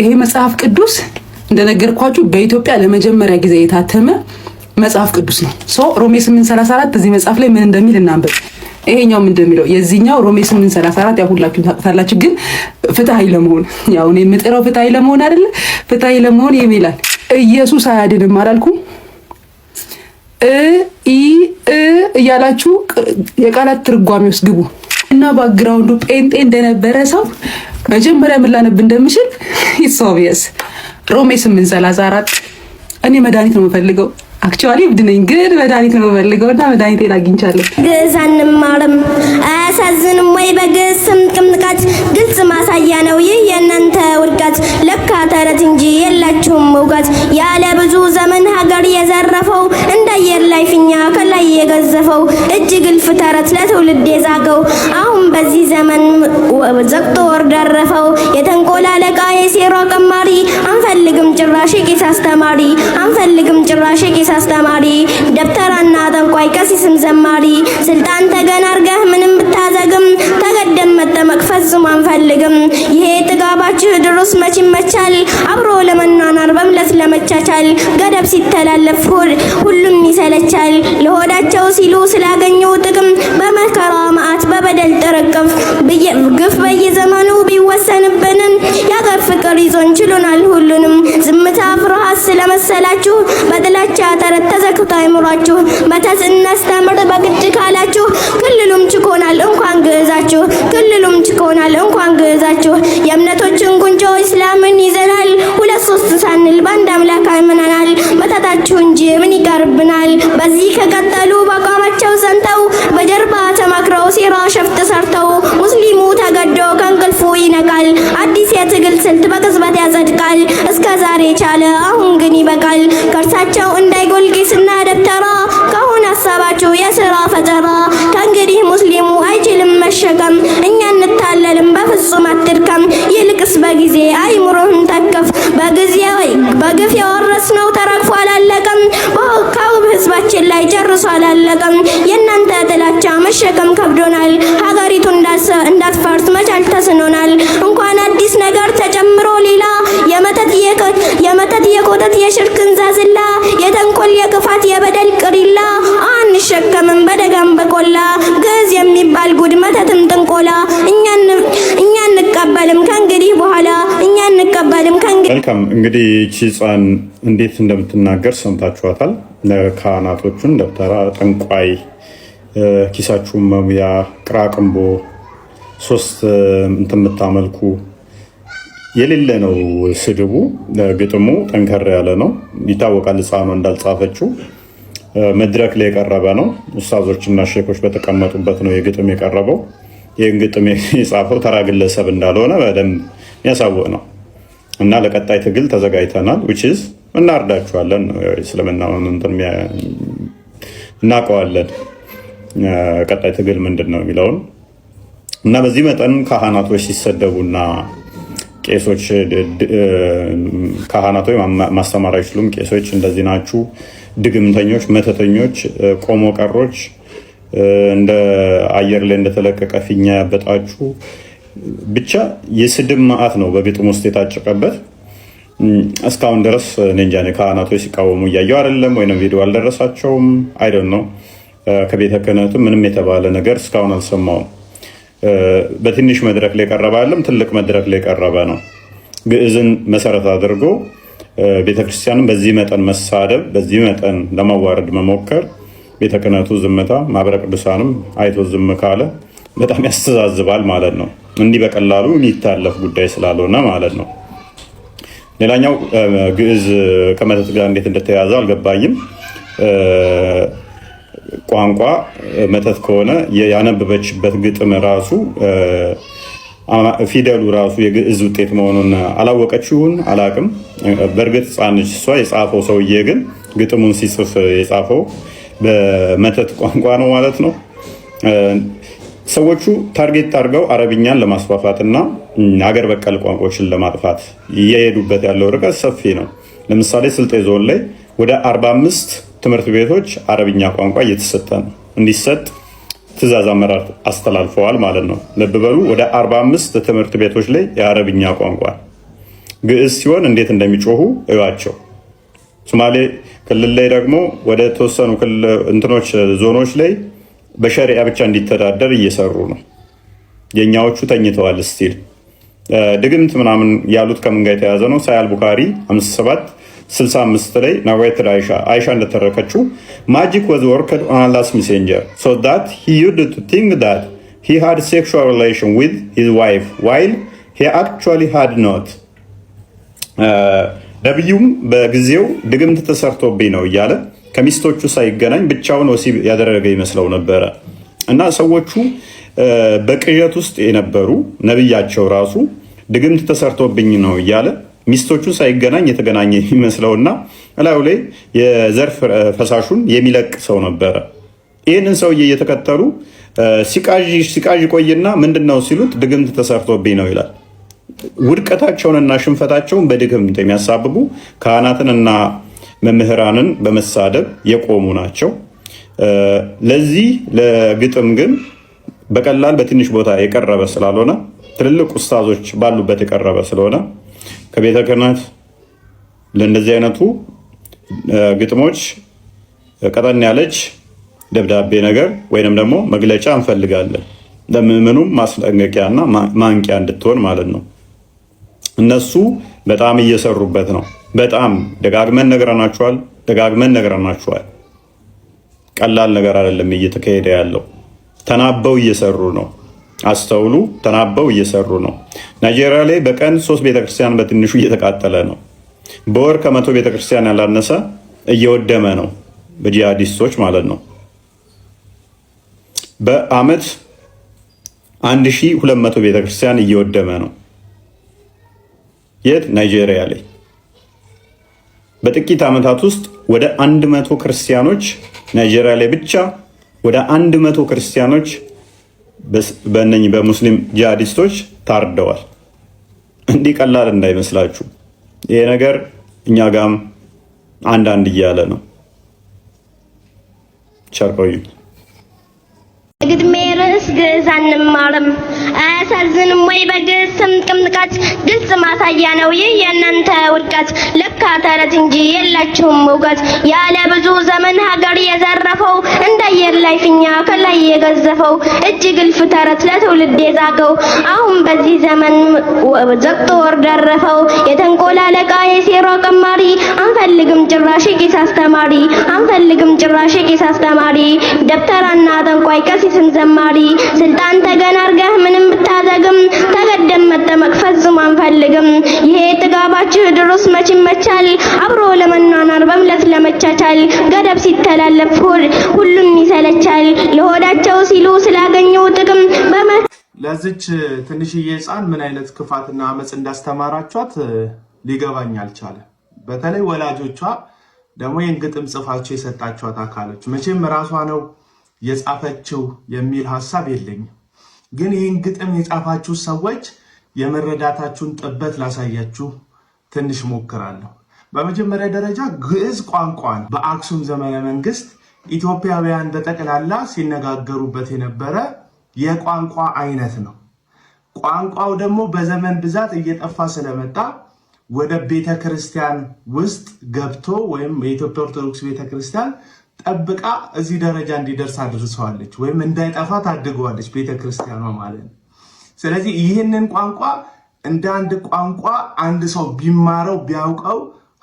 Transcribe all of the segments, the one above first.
ይሄ መጽሐፍ ቅዱስ እንደነገርኳችሁ በኢትዮጵያ ለመጀመሪያ ጊዜ የታተመ መጽሐፍ ቅዱስ ነው። ሶ ሮሜ 834 እዚህ መጽሐፍ ላይ ምን እንደሚል እናንበብ። ይሄኛው ምን እንደሚለው የዚህኛው ሮሜ 834 ያው ሁላችሁም ታውቁታላችሁ፣ ግን ፍትሐዊ ለመሆን ያው እኔ የምጥረው ፍትሐዊ ለመሆን አይደለ? ፍትሐዊ ለመሆን ይሄም ይላል ኢየሱስ አያድንም አላልኩም? እ ኢ እ እያላችሁ የቃላት ትርጓሜ ውስጥ ግቡ እና ባክግራውንዱ ጴንጤ እንደነበረ ሰው መጀመሪያ ምን ላነብ እንደምችል ኢትስ ሮሜ ስምንት ሰላሳ አራት እኔ መድኃኒት ነው የምፈልገው። አክቹዋሊ እብድ ነኝ ግን መድኃኒት ነው የምፈልገው እና መድኃኒቴን አግኝቻለሁ። ግዕዝ አንማርም አያሳዝንም ወይ? በግስም ስንቅምቃት ግልጽ ማሳያ ነው ይህ የእናንተ ውድቀት። ለካ ተረት እንጂ የላችሁም እውቀት። ያለ ብዙ ዘመን ሀገር የዘረፈው እንደ አየር ላይ ፊኛ ከላይ የገዘፈው እጅ ግልፍ ተረት ለትውልድ የዛገው አሁን በዚህ ዘመን ዘግቶ ወር ደረፈው። የተንቆላለቃ የሴራ ቀማሪ አንፈልግም ጭራሽ ቄስ አስተማሪ አንፈልግም ጭራሽ ቄስ አስተማሪ ደብተራና ጠንቋይ ቀሲስም ዘማሪ ስልጣን ተገናርገህ ምንም ብታ መዘግም ተገደም መጠመቅ ፈጽሞ አንፈልግም። ይሄ ጥጋባችሁ ድሩስ መች ይመቻል አብሮ ለመኗኗር በምለት ለመቻቻል ገደብ ሲተላለፍ ሁሉም ይሰለቻል። ለሆዳቸው ሲሉ ስላገኙ ጥቅም በመከራ በበደል ተረከፍኩ ግፍ በየዘመኑ ቢወሰንብንም የአገር ፍቅር ይዞን ችሎናል ሁሉንም። ዝምታ ፍርሃት ስለመሰላችሁ በጥላቻ ተረት ተዘክቶ አይምሯችሁ መተት በግድ ካላችሁ ክልሉም ችኮናል እንኳን ግዕዛችሁ ክልሉም ችኮናል እንኳን ግዕዛችሁ የእምነቶችን ጉንጮ እስላምን ይዘናል ሁለት ሶስት ሳንል በአንድ አምላክ አይምናናል መታታችሁ እንጂ ምን ይቀርብናል በዚህ ከቀጠሉ በቋማቸው የቻለ የተንኮል የክፋት የበደል ቅሪላ አንሸከምም በደጋም በቆላ ግዕዝ የሚባል ጉድ መተትም ጥንቆላ እኛ እንቀበልም ከእንግዲህ በኋላ እኛ እንቀበልም ከእንግዲህ መልካም እንግዲህ ይቺ ህፃን እንዴት እንደምትናገር ሰምታችኋታል። ካህናቶቹን ደብተራ፣ ጠንቋይ፣ ኪሳችሁን መሙያ፣ ቅራቅንቦ ሶስት እንትን የምታመልኩ የሌለ ነው ስድቡ። ግጥሙ ጠንከር ያለ ነው ይታወቃል። ህፃኗ እንዳልጻፈችው መድረክ ላይ የቀረበ ነው። እና ሼኮች በተቀመጡበት ነው የግጥም የቀረበው። ይህን ግጥም የጻፈው ተራ ግለሰብ እንዳልሆነ በደንብ የሚያሳውቅ ነው እና ለቀጣይ ትግል ተዘጋጅተናል። ዊችዝ እናርዳችኋለን። እስልምና እናውቀዋለን። ቀጣይ ትግል ምንድን ነው የሚለውን እና በዚህ መጠን ካህናቶች ሲሰደቡና ቄሶች ካህናት ወይም ማስተማር አይችሉም። ቄሶች እንደዚህ ናችሁ፣ ድግምተኞች፣ መተተኞች፣ ቆሞ ቀሮች፣ እንደ አየር ላይ እንደተለቀቀ ፊኛ ያበጣችሁ፣ ብቻ የስድብ መዓት ነው በግጥም ውስጥ የታጨቀበት። እስካሁን ድረስ እንጃ ካህናቶች ሲቃወሙ እያየው አይደለም፣ ወይም ቪዲዮ አልደረሳቸውም አይደን ነው። ከቤተ ክህነቱ ምንም የተባለ ነገር እስካሁን አልሰማውም። በትንሽ መድረክ ላይ ቀረበ አለም ትልቅ መድረክ ላይ ቀረበ ነው። ግዕዝን መሰረት አድርጎ ቤተክርስቲያንን በዚህ መጠን መሳደብ፣ በዚህ መጠን ለማዋረድ መሞከር ቤተ ክህነቱ ዝምታ፣ ማህበረ ቅዱሳንም አይቶ ዝም ካለ በጣም ያስተዛዝባል ማለት ነው። እንዲህ በቀላሉ የሚታለፍ ጉዳይ ስላልሆነ ማለት ነው። ሌላኛው ግዕዝ ከመተት ጋር እንዴት እንደተያዘ አልገባኝም። ቋንቋ መተት ከሆነ ያነበበችበት ግጥም ራሱ ፊደሉ ራሱ የግዕዝ ውጤት መሆኑን አላወቀችውን አላቅም። በእርግጥ ህፃነች እሷ። የጻፈው ሰውዬ ግን ግጥሙን ሲጽፍ የጻፈው በመተት ቋንቋ ነው ማለት ነው። ሰዎቹ ታርጌት አድርገው አረብኛን ለማስፋፋት እና ሀገር በቀል ቋንቋዎችን ለማጥፋት እየሄዱበት ያለው ርቀት ሰፊ ነው። ለምሳሌ ስልጤ ዞን ላይ ወደ 45 ትምህርት ቤቶች አረብኛ ቋንቋ እየተሰጠ ነው እንዲሰጥ ትእዛዝ አመራር አስተላልፈዋል ማለት ነው። ልብ በሉ ወደ 45 ትምህርት ቤቶች ላይ የአረብኛ ቋንቋ ግዕዝ ሲሆን እንዴት እንደሚጮሁ እዩዋቸው። ሶማሌ ክልል ላይ ደግሞ ወደ ተወሰኑ እንትኖች ዞኖች ላይ በሸሪያ ብቻ እንዲተዳደር እየሰሩ ነው። የእኛዎቹ ተኝተዋል። ስቲል ድግምት ምናምን ያሉት ከምን ጋር የተያዘ ነው? ሳያል ቡካሪ 57 65 ላይ ናሬትድ አይሻ አይሻ እንደተረከችው ማጂክ ወዝ ወርከድ ኦን አላስ ሜሴንጀር ሶ ዳት ሂ ዩድ ቱ ቲንክ ዳት ሂ ሃድ ሴክሹዋል ሪሌሽን ዊዝ ሂዝ ዋይፍ ዋይል ሂ አክቹዋሊ ሃድ ኖት። ነቢዩም በጊዜው ድግምት ተሰርቶብኝ ነው እያለ ከሚስቶቹ ሳይገናኝ ብቻውን ወሲብ ያደረገ ይመስለው ነበረ እና ሰዎቹ በቅዠት ውስጥ የነበሩ ነቢያቸው ራሱ ድግምት ተሰርቶብኝ ነው እያለ ሚስቶቹ ሳይገናኝ የተገናኘ የሚመስለውና እላዩ ላይ የዘርፍ ፈሳሹን የሚለቅ ሰው ነበረ። ይህንን ሰውዬ እየተከተሉ ሲቃዥ ቆይና ምንድን ነው ሲሉት ድግምት ተሰርቶብኝ ነው ይላል። ውድቀታቸውንና ሽንፈታቸውን በድግምት የሚያሳብቡ ካህናትንና መምህራንን በመሳደብ የቆሙ ናቸው። ለዚህ ለግጥም ግን በቀላል በትንሽ ቦታ የቀረበ ስላልሆነ ትልልቅ ኡስታዞች ባሉበት የቀረበ ስለሆነ ከቤተ ክህነት ለእንደዚህ አይነቱ ግጥሞች ቀጠን ያለች ደብዳቤ ነገር ወይንም ደግሞ መግለጫ እንፈልጋለን። ለምዕመኑም ማስጠንቀቂያና ማንቂያ እንድትሆን ማለት ነው። እነሱ በጣም እየሰሩበት ነው። በጣም ደጋግመን ነግረናችኋል፣ ደጋግመን ነግረናችኋል። ቀላል ነገር አይደለም እየተካሄደ ያለው። ተናበው እየሰሩ ነው። አስተውሉ። ተናበው እየሰሩ ነው። ናይጄሪያ ላይ በቀን ሶስት ቤተክርስቲያን በትንሹ እየተቃጠለ ነው። በወር ከመቶ ቤተክርስቲያን ያላነሰ እየወደመ ነው፣ በጂሃዲስቶች ማለት ነው። በአመት 1200 ቤተክርስቲያን እየወደመ ነው። የት? ናይጄሪያ ላይ በጥቂት ዓመታት ውስጥ ወደ 100 ክርስቲያኖች ናይጄሪያ ላይ ብቻ ወደ 100 ክርስቲያኖች በእነኝህ በሙስሊም ጂሃዲስቶች ታርደዋል። እንዲህ ቀላል እንዳይመስላችሁ። ይሄ ነገር እኛ ጋም አንዳንድ እያለ ነው። ቸር ቆዩ። ለምንስ ግዕዝ አንማርም? አያሳዝንም ወይ? በግዕዝ ስምጥም ንቃት ግልጽ ማሳያ ነው ይህ የእናንተ ውድቀት። ለካ ተረት እንጂ የላችሁም እውቀት። ያለ ብዙ ዘመን ሀገር የዘረፈው እንደ አየር ላይ ፊኛ ከላይ የገዘፈው እጅ ግልፍ ተረት ለትውልድ የዛገው አሁን በዚህ ዘመን ዘቅጦ ወር ደረፈው። የተንኮል አለቃ የሴራ ቀማሪ አንፈልግም ጭራሽ ቄስ አስተማሪ አንፈልግም ጭራሽ ቄስ አስተማሪ ደብተራና ጠንቋይ ቀሲስን ዘማሪ ስልጣን ተገን አድርገህ ምንም ብታደርግም ተገደም መጠመቅ ፈጽሞ አንፈልግም። ይሄ ጥጋባችሁ ድሮስ መች ይመቻል? አብሮ ለመኗኗር በምለት ለመቻቻል ገደብ ሲተላለፍ ሁሉም ይሰለቻል። ለሆዳቸው ሲሉ ስላገኘው ጥቅም በመ ለዚች ትንሽዬ ህፃን ምን አይነት ክፋትና አመፅ እንዳስተማራቿት ሊገባኝ አልቻለ። በተለይ ወላጆቿ ደግሞ ይህን ግጥም ጽፋቸው የሰጣችኋት አካሎች መቼም ራሷ ነው የጻፈችው የሚል ሀሳብ የለኝም። ግን ይህን ግጥም የጻፋችሁ ሰዎች የመረዳታችሁን ጥበት ላሳያችሁ ትንሽ ሞክራለሁ። በመጀመሪያ ደረጃ ግዕዝ ቋንቋን በአክሱም ዘመነ መንግስት ኢትዮጵያውያን በጠቅላላ ሲነጋገሩበት የነበረ የቋንቋ አይነት ነው። ቋንቋው ደግሞ በዘመን ብዛት እየጠፋ ስለመጣ ወደ ቤተ ክርስቲያን ውስጥ ገብቶ ወይም የኢትዮጵያ ኦርቶዶክስ ቤተ ክርስቲያን ጠብቃ እዚህ ደረጃ እንዲደርስ አድርሰዋለች፣ ወይም እንዳይጠፋ ታድገዋለች ቤተክርስቲያኗ ማለት ነው። ስለዚህ ይህንን ቋንቋ እንደ አንድ ቋንቋ አንድ ሰው ቢማረው ቢያውቀው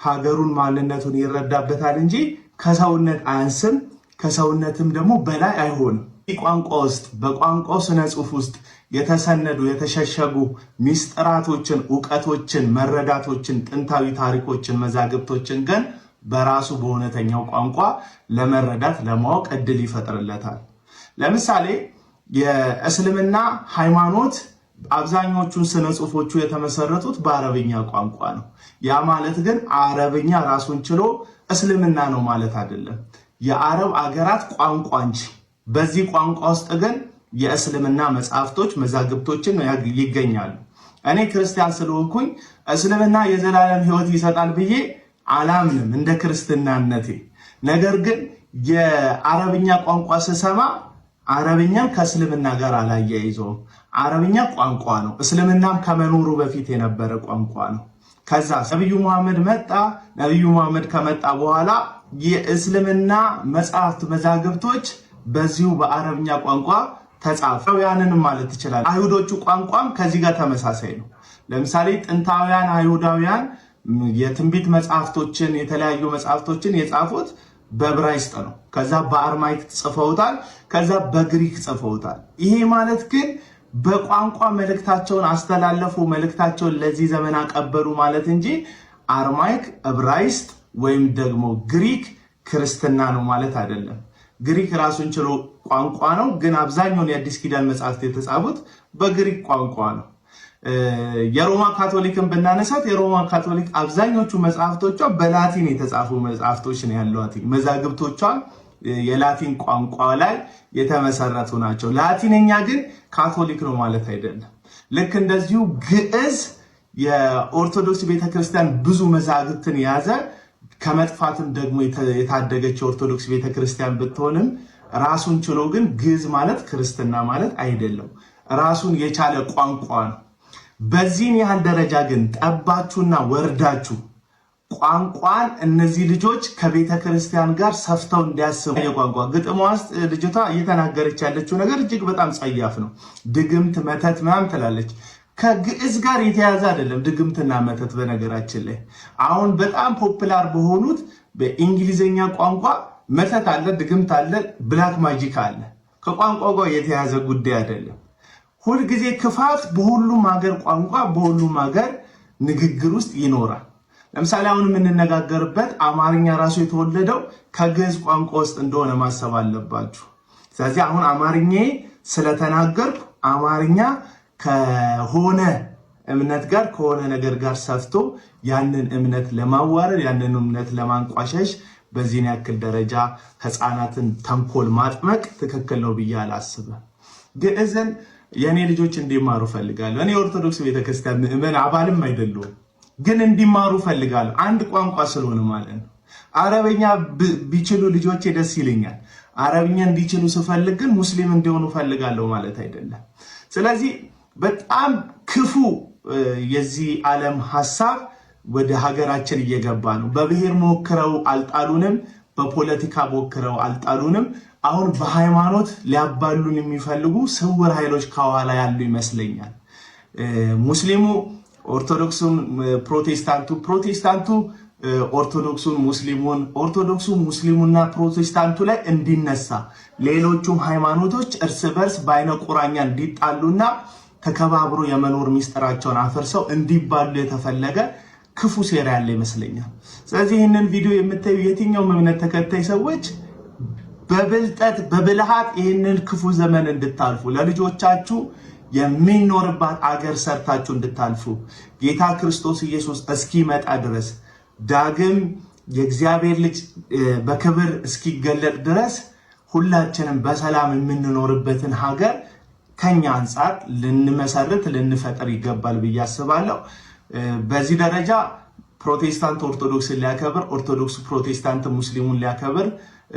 ሀገሩን ማንነቱን ይረዳበታል እንጂ ከሰውነት አያንስም፣ ከሰውነትም ደግሞ በላይ አይሆንም። ቋንቋ ውስጥ በቋንቋው ስነ ጽሑፍ ውስጥ የተሰነዱ የተሸሸጉ ሚስጥራቶችን፣ እውቀቶችን፣ መረዳቶችን፣ ጥንታዊ ታሪኮችን፣ መዛግብቶችን ግን በራሱ በእውነተኛው ቋንቋ ለመረዳት ለማወቅ እድል ይፈጥርለታል። ለምሳሌ የእስልምና ሃይማኖት አብዛኞቹን ስነ ጽሁፎቹ የተመሰረቱት በአረብኛ ቋንቋ ነው። ያ ማለት ግን አረብኛ ራሱን ችሎ እስልምና ነው ማለት አይደለም። የአረብ አገራት ቋንቋ እንጂ በዚህ ቋንቋ ውስጥ ግን የእስልምና መጽሐፍቶች መዛግብቶችን ይገኛሉ። እኔ ክርስቲያን ስለሆንኩኝ እስልምና የዘላለም ሕይወት ይሰጣል ብዬ አላምንም እንደ ክርስትናነቴ። ነገር ግን የአረብኛ ቋንቋ ስሰማ አረብኛን ከእስልምና ጋር አላያይዘውም። አረብኛ ቋንቋ ነው። እስልምናም ከመኖሩ በፊት የነበረ ቋንቋ ነው። ከዛ ነቢዩ መሐመድ መጣ። ነቢዩ መሐመድ ከመጣ በኋላ የእስልምና መጽሐፍት መዛግብቶች በዚሁ በአረብኛ ቋንቋ ተጻፈው ያንንም ማለት ይችላል። አይሁዶቹ ቋንቋም ከዚህ ጋር ተመሳሳይ ነው። ለምሳሌ ጥንታውያን አይሁዳውያን የትንቢት መጽሐፍቶችን የተለያዩ መጽሐፍቶችን የጻፉት በዕብራይስጥ ነው። ከዛ በአርማይክ ጽፈውታል። ከዛ በግሪክ ጽፈውታል። ይሄ ማለት ግን በቋንቋ መልእክታቸውን አስተላለፉ፣ መልእክታቸውን ለዚህ ዘመን አቀበሉ ማለት እንጂ አርማይክ፣ ዕብራይስጥ ወይም ደግሞ ግሪክ ክርስትና ነው ማለት አይደለም። ግሪክ ራሱን ችሎ ቋንቋ ነው። ግን አብዛኛውን የአዲስ ኪዳን መጽሐፍት የተጻፉት በግሪክ ቋንቋ ነው። የሮማ ካቶሊክን ብናነሳት የሮማ ካቶሊክ አብዛኞቹ መጽሐፍቶቿ በላቲን የተጻፉ መጽሐፍቶች ነው ያሏት። መዛግብቶቿ የላቲን ቋንቋ ላይ የተመሰረቱ ናቸው። ላቲንኛ ግን ካቶሊክ ነው ማለት አይደለም። ልክ እንደዚሁ ግዕዝ የኦርቶዶክስ ቤተክርስቲያን ብዙ መዛግብትን የያዘ ከመጥፋትም ደግሞ የታደገች የኦርቶዶክስ ቤተክርስቲያን ብትሆንም ራሱን ችሎ ግን ግዕዝ ማለት ክርስትና ማለት አይደለም። ራሱን የቻለ ቋንቋ ነው። በዚህን ያህል ደረጃ ግን ጠባችሁና ወርዳችሁ ቋንቋን እነዚህ ልጆች ከቤተ ክርስቲያን ጋር ሰፍተው እንዲያስቡ የቋንቋ ግጥሟ ውስጥ ልጅቷ እየተናገረች ያለችው ነገር እጅግ በጣም ጸያፍ ነው። ድግምት መተት ምናምን ትላለች። ከግዕዝ ጋር የተያዘ አይደለም ድግምትና መተት። በነገራችን ላይ አሁን በጣም ፖፕላር በሆኑት በእንግሊዝኛ ቋንቋ መተት አለ፣ ድግምት አለ፣ ብላክ ማጂክ አለ። ከቋንቋ ጋር የተያዘ ጉዳይ አይደለም። ሁልጊዜ ክፋት በሁሉም ሀገር ቋንቋ በሁሉም ሀገር ንግግር ውስጥ ይኖራል። ለምሳሌ አሁን የምንነጋገርበት አማርኛ ራሱ የተወለደው ከግዕዝ ቋንቋ ውስጥ እንደሆነ ማሰብ አለባችሁ። ስለዚህ አሁን አማርኛ ስለተናገርኩ አማርኛ ከሆነ እምነት ጋር ከሆነ ነገር ጋር ሰፍቶ ያንን እምነት ለማዋረድ ያንን እምነት ለማንቋሸሽ በዚህን ያክል ደረጃ ሕፃናትን ተንኮል ማጥመቅ ትክክል ነው ብዬ አላስብም። ግዕዝን የእኔ ልጆች እንዲማሩ ፈልጋለሁ። እኔ የኦርቶዶክስ ቤተክርስቲያን ምዕመን አባልም አይደለሁም፣ ግን እንዲማሩ ፈልጋለሁ። አንድ ቋንቋ ስለሆነ ማለት ነው። አረበኛ ቢችሉ ልጆቼ ደስ ይለኛል። አረብኛ እንዲችሉ ስፈልግ ግን ሙስሊም እንዲሆኑ ፈልጋለሁ ማለት አይደለም። ስለዚህ በጣም ክፉ የዚህ ዓለም ሀሳብ ወደ ሀገራችን እየገባ ነው። በብሔር ሞክረው አልጣሉንም። በፖለቲካ ሞክረው አልጣሉንም። አሁን በሃይማኖት ሊያባሉን የሚፈልጉ ስውር ኃይሎች ከኋላ ያሉ ይመስለኛል። ሙስሊሙ ኦርቶዶክሱን፣ ፕሮቴስታንቱ ፕሮቴስታንቱ ኦርቶዶክሱን፣ ሙስሊሙን ኦርቶዶክሱ ሙስሊሙና ፕሮቴስታንቱ ላይ እንዲነሳ ሌሎቹም ሃይማኖቶች እርስ በርስ በአይነ ቁራኛ እንዲጣሉና ተከባብሮ የመኖር ሚስጥራቸውን አፈርሰው እንዲባሉ የተፈለገ ክፉ ሴራ ያለ ይመስለኛል። ስለዚህ ይህንን ቪዲዮ የምታዩ የትኛውም እምነት ተከታይ ሰዎች በብልጠት በብልሃት ይህንን ክፉ ዘመን እንድታልፉ ለልጆቻችሁ የሚኖርባት አገር ሰርታችሁ እንድታልፉ ጌታ ክርስቶስ ኢየሱስ እስኪመጣ ድረስ ዳግም የእግዚአብሔር ልጅ በክብር እስኪገለጥ ድረስ ሁላችንም በሰላም የምንኖርበትን ሀገር ከኛ አንጻር ልንመሰርት ልንፈጥር ይገባል ብዬ አስባለሁ። በዚህ ደረጃ ፕሮቴስታንት ኦርቶዶክስን ሊያከብር፣ ኦርቶዶክስ ፕሮቴስታንት ሙስሊሙን ሊያከብር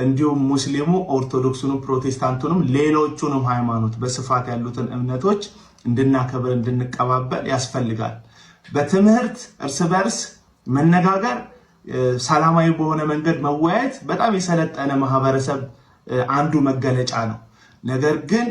እንዲሁም ሙስሊሙ ኦርቶዶክሱንም ፕሮቴስታንቱንም ሌሎቹንም ሃይማኖት በስፋት ያሉትን እምነቶች እንድናከብር እንድንቀባበል ያስፈልጋል። በትምህርት እርስ በርስ መነጋገር፣ ሰላማዊ በሆነ መንገድ መወያየት በጣም የሰለጠነ ማህበረሰብ አንዱ መገለጫ ነው። ነገር ግን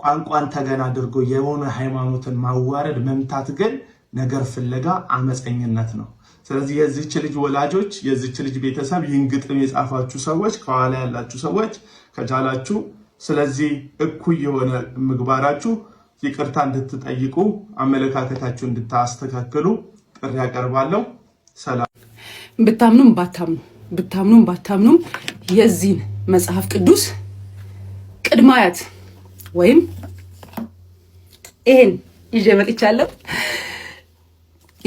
ቋንቋን ተገን አድርጎ የሆነ ሃይማኖትን ማዋረድ መምታት ግን ነገር ፍለጋ አመፀኝነት ነው። ስለዚህ የዚች ልጅ ወላጆች፣ የዚች ልጅ ቤተሰብ ይህን ግጥም የጻፋችሁ ሰዎች፣ ከኋላ ያላችሁ ሰዎች ከቻላችሁ ስለዚህ እኩይ የሆነ ምግባራችሁ ይቅርታ እንድትጠይቁ አመለካከታችሁ እንድታስተካክሉ ጥሪ ያቀርባለሁ። ሰላም። ብታምኑም ባታምኑ ብታምኑም ባታምኑም የዚህን መጽሐፍ ቅዱስ ቅድመ አያት ወይም ይሄን ይዤ መጥቻለሁ።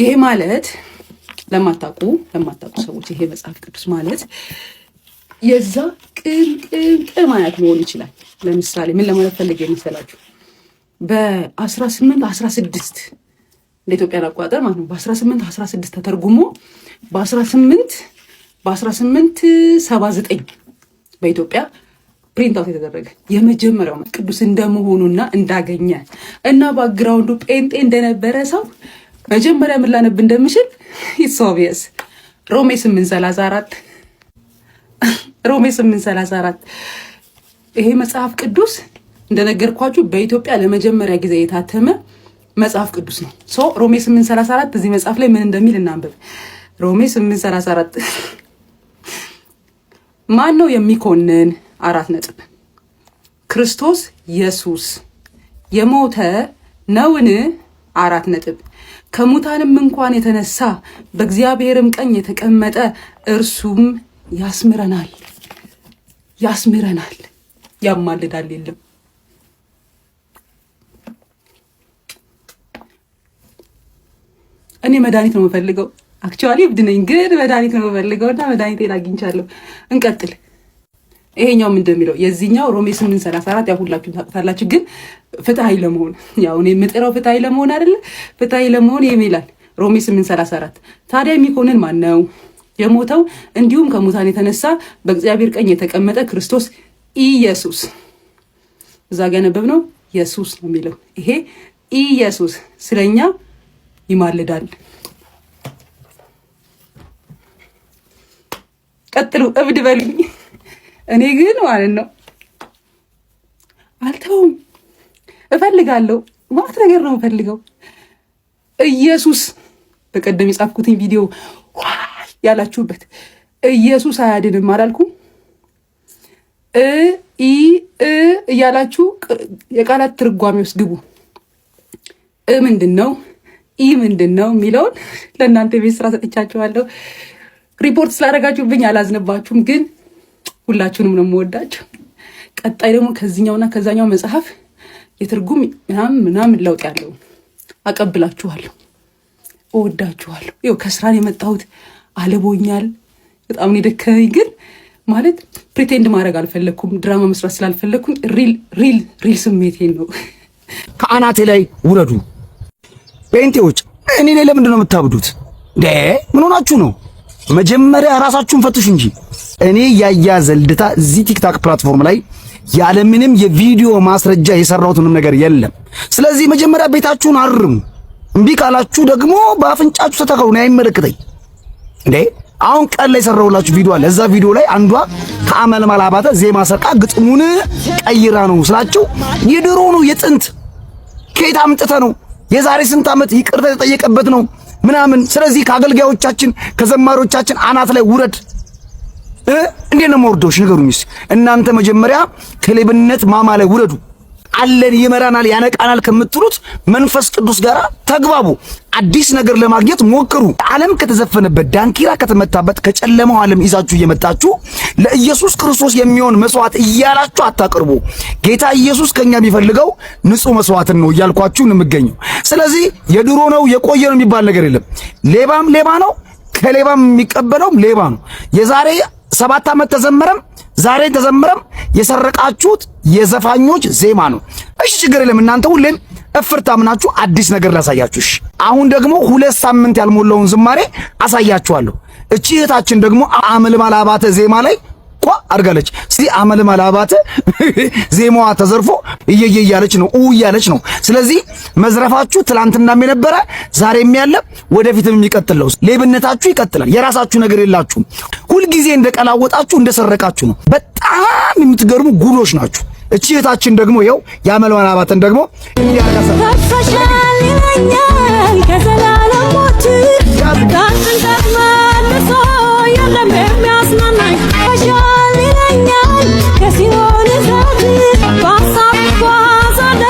ይሄ ማለት ለማታውቁ ለማታውቁ ሰዎች ይሄ መጽሐፍ ቅዱስ ማለት የዛ ቅም አያት መሆን ይችላል። ለምሳሌ ምን ለማለት ፈልጌ የሚሰላችሁ በ18 16 እንደ ኢትዮጵያን አቆጣጠር ማለት ነው። በ18 16 ተተርጉሞ በ18 በ 18 79 በኢትዮጵያ ፕሪንት አውት የተደረገ የመጀመሪያው ቅዱስ እንደመሆኑና እንዳገኘ እና ባክግራውንዱ ጴንጤ እንደነበረ ሰው መጀመሪያ ምን ላነብ እንደምችል ኢትስ ኦብቪየስ። ሮሜ 834 ሮሜ 834 ይሄ መጽሐፍ ቅዱስ እንደነገርኳችሁ በኢትዮጵያ ለመጀመሪያ ጊዜ የታተመ መጽሐፍ ቅዱስ ነው። ሶ ሮሜ 834 እዚህ መጽሐፍ ላይ ምን እንደሚል እናንብብ። ሮሜ 834 ማን ነው የሚኮንን? አራት ነጥብ ክርስቶስ ኢየሱስ የሞተ ነውን? አራት ነጥብ ከሙታንም እንኳን የተነሳ በእግዚአብሔርም ቀኝ የተቀመጠ እርሱም ያስምረናል ያስምረናል። ያማልዳል የለም እኔ መድኃኒት ነው የምፈልገው። አክቹዋሊ እብድ ነኝ ግን መድኃኒት ነው የምፈልገው እና መድኃኒቴን አግኝቻለሁ። እንቀጥል። ይሄኛውም እንደሚለው የዚህኛው ሮሜ ስምንት ሰላሳ አራት ያው ሁላችሁም ታውቁታላችሁ። ግን ፍትሐዊ ለመሆን ያው እኔ የምጥረው ፍትሐዊ ለመሆን አይደለ? ፍትሐዊ ለመሆን ይህም ይላል ሮሜ ስምንት ሰላሳ አራት ታዲያ የሚኮንን ማን ነው? የሞተው እንዲሁም ከሙታን የተነሳ በእግዚአብሔር ቀኝ የተቀመጠ ክርስቶስ ኢየሱስ። እዛ ጋ ነው ኢየሱስ ነው የሚለው ይሄ ኢየሱስ ስለኛ ይማልዳል። ቀጥሉ እብድ በሉኝ። እኔ ግን ማለት ነው አልተውም፣ እፈልጋለሁ። ማት ነገር ነው የምፈልገው። ኢየሱስ በቀደም የጻፍኩትኝ ቪዲዮ ያላችሁበት ኢየሱስ አያድንም አላልኩም? ኢ እያላችሁ የቃላት ትርጓሜ ውስጥ ግቡ። እ ምንድን ነው ኢ ምንድን ነው የሚለውን ለእናንተ ቤት ስራ ሰጥቻችኋለሁ። ሪፖርት ስላደረጋችሁብኝ አላዝንባችሁም ግን ሁላችሁንም ነው የምወዳችሁ። ቀጣይ ደግሞ ከዚኛውና ከዛኛው መጽሐፍ የትርጉም ምናምን ምናምን ለውጥ ያለው አቀብላችኋለሁ። እወዳችኋለሁ። ይኸው ከስራን የመጣሁት አለቦኛል። በጣም የደከመኝ ግን ማለት ፕሪቴንድ ማድረግ አልፈለግኩም። ድራማ መስራት ስላልፈለግኩኝ ሪል ሪል ሪል ስሜቴን ነው። ከአናቴ ላይ ውረዱ ጴንጤዎች። እኔ ላይ ለምንድን ነው የምታብዱት? ምን ሆናችሁ ነው? መጀመሪያ ራሳችሁን ፈትሹ እንጂ እኔ ያያ ዘልድታ እዚህ ቲክታክ ፕላትፎርም ላይ ያለምንም የቪዲዮ ማስረጃ የሰራሁት ምንም ነገር የለም። ስለዚህ መጀመሪያ ቤታችሁን አርሙ። እምቢ ካላችሁ ደግሞ በአፍንጫችሁ ተተከሉ። ነው አይመለከተኝ እንዴ? አሁን ቀን ላይ የሰራሁላችሁ ቪዲዮ አለ። እዛ ቪዲዮ ላይ አንዷ ከአመል ማላባተ ዜማ ሰርቃ ግጥሙን ቀይራ ነው ስላችሁ፣ የድሮ ነው የጥንት ከየት አምጥተ ነው የዛሬ ስንት ዓመት ይቅርታ የተጠየቀበት ነው ምናምን። ስለዚህ ከአገልጋዮቻችን ከዘማሪዎቻችን አናት ላይ ውረድ። እንዴ ነው መወርዶሽ? ንገሩኝ እናንተ መጀመሪያ ቴሌብነት ማማ ላይ ውረዱ። አለን ይመራናል፣ ያነቃናል ከምትሉት መንፈስ ቅዱስ ጋር ተግባቡ። አዲስ ነገር ለማግኘት ሞክሩ። ዓለም ከተዘፈነበት ዳንኪራ ከተመታበት ከጨለማው ዓለም ይዛችሁ እየመጣችሁ ለኢየሱስ ክርስቶስ የሚሆን መስዋዕት እያላችሁ አታቅርቡ። ጌታ ኢየሱስ ከኛ የሚፈልገው ንጹህ መስዋዕትን ነው እያልኳችሁ እንምገኘው ስለዚህ የድሮ ነው የቆየ ነው የሚባል ነገር የለም። ሌባም ሌባ ነው፣ ከሌባም የሚቀበለውም ሌባ ነው። የዛሬ ሰባት ዓመት ተዘመረም ዛሬ ተዘመረም የሰረቃችሁት የዘፋኞች ዜማ ነው። እሺ ችግር የለም። እናንተ ሁሌም እፍርታ ምናችሁ አዲስ ነገር ላሳያችሁሽ። አሁን ደግሞ ሁለት ሳምንት ያልሞላውን ዝማሬ አሳያችኋለሁ። እቺ እህታችን ደግሞ አመልማል አባተ ዜማ ላይ ቋ አድርጋለች። እስቲ አመል አባተ ዜማዋ ተዘርፎ እየየ እያለች ነው ኡ እያለች ነው። ስለዚህ መዝረፋችሁ ትላንትና የነበረ ዛሬም ያለ ወደፊትም የሚቀጥል ነው። ሌብነታችሁ ይቀጥላል። የራሳችሁ ነገር የላችሁም። ሁልጊዜ እንደቀላወጣችሁ እንደሰረቃችሁ ነው። በጣም የምትገርሙ ጉዶች ናችሁ። እቺ እህታችን ደግሞ ይኸው የአመልማል አባተን ደግሞ ከዘላለም ሞት የለም የሚያስናናኝ ይለኛል ከሲሆን እሳት በሀሳብ ጓዛለ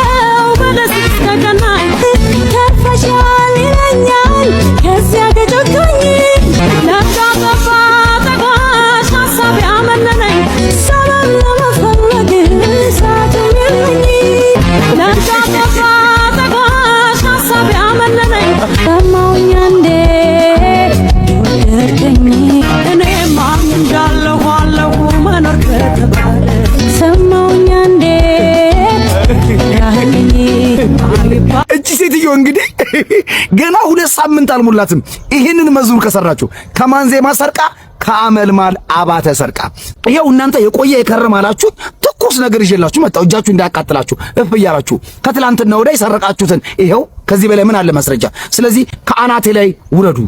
ገና ሁለት ሳምንት አልሞላትም። ይህንን መዝሙር ከሰራችሁ ከማንዜማ ሰርቃ ከአመልማል አባተ ሰርቃ። ይሄው እናንተ የቆየ የከረም አላችሁት ትኩስ ነገር ይዤላችሁ መጣሁ። እጃችሁ እንዳያቃጥላችሁ እፍ እያላችሁ ከትላንትና ወዲያ የሰረቃችሁትን ይሄው ከዚህ በላይ ምን አለ ማስረጃ። ስለዚህ ከአናቴ ላይ ውረዱ።